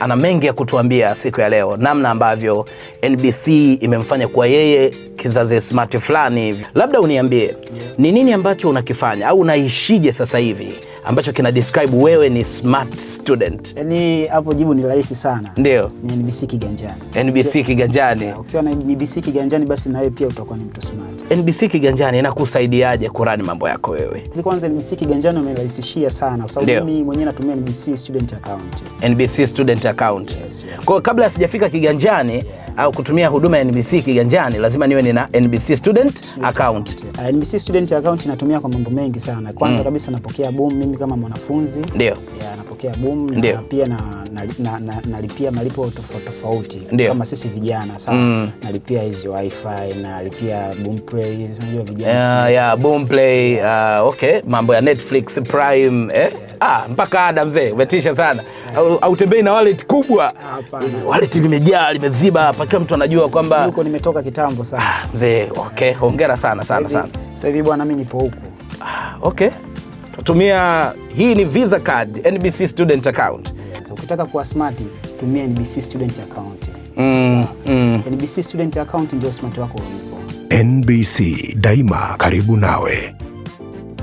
ana mengi ya kutuambia siku ya leo, namna ambavyo NBC imemfanya kwa yeye kizazi smart fulani. Labda uniambie ni nini ambacho unakifanya au unaishije sasa hivi ambacho kina describe wewe ni smart student? Yaani hapo jibu ni rahisi sana. Ndio. Ni NBC Kiganjani. NBC Kiganjani. Ukiwa na NBC Kiganjani basi na wewe pia utakuwa ni mtu smart. NBC Kiganjani inakusaidiaje kurani mambo yako wewe? Kwanza NBC Kiganjani umerahisishia sana kwa sababu mimi mwenyewe natumia NBC student account. NBC student account. Yes, yes. Kwa kabla sijafika Kiganjani yeah au kutumia huduma ya NBC kiganjani lazima niwe nina NBC student account. Uh, eh, NBC student account inatumia kwa mambo mengi sana. Kwanza mm. kabisa napokea boom mimi kama mwanafunzi. Ndio. Yeah, napokea boom na pia na nalipia malipo tofauti tofauti kama sisi vijana sawa mm. nalipia hizi wifi nalipia Boomplay unajua vijana uh, yeah, Boomplay yes. uh, okay mambo ya Netflix Prime eh? yes. ah, mpaka ada mzee umetisha sana yeah. autembei au na wallet kubwa hapana wallet limejaa limeziba hapa kila mtu anajua kwamba huko nimetoka kitambo sana ah, mzee okay hongera sana sana sana sasa hivi bwana mimi nipo huko ah, okay tutumia hii ni Visa card NBC student account kwanza. Ukitaka kuwa smart, tumia NBC student account. Mm, mm. NBC student account ndio smart wako ulipo. NBC daima karibu nawe.